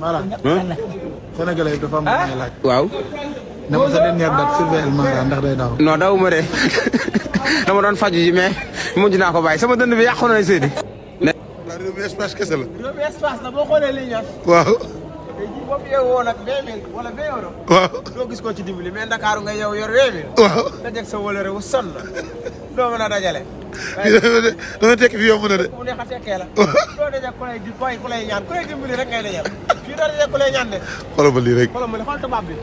Mara Sénégalais dafa am ay laaj. Ah? waaw. ne ma sa dernière date surveille daw. faju ji mais mujj naa ko bàyyi sama dënd bi yàqu na Seydi. mais. réew espace kese la. réew espace la boo xoolee li ñor. waaw. tey jii waaw doo gis koo ci dimbali mais Ndakaaru nga yow yor vingt mille. waaw doo mën a dajale. dama tekki fi yomb na de. mu neex a tekkee la. doo dajee ku lay di booy ku lay ñaan ku lay dimbali rek ngay dajal fii doo dajee ku lay ñaan de. xoolal ma lii rek xoolal ma lii xool tubaab bi.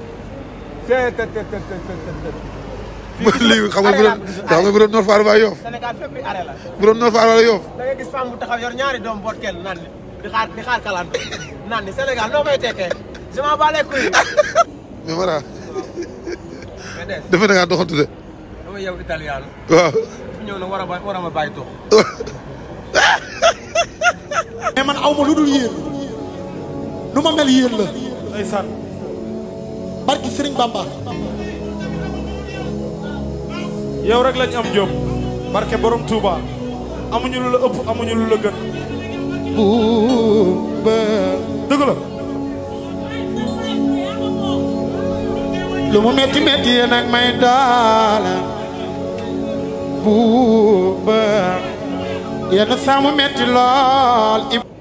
te te te te te lii xam nga bu doon xam nga bu doon noor fa arba yoof. Sénégal fépp bi arrêt la. bu doon noor fa arba yoof. da ngay gis femme bu taxaw yor ñaari doom boot kenn naan ni di xaar di xaar kalaan naan ni Sénégal noo koy tekkee je m'en bats les couilles. mais voilà. waaw. dafa da ngaa doxantu de. ma yow italien waaw ñëw na war a bàyyi ma bàyyi tox man aw ma mel la barki bamba yow rek lañ am jom barke borom touba amuñu lu la ëpp amuñu lu la gën buumba dëgg lu mu metti metti may buuba yenn saa mu metti lool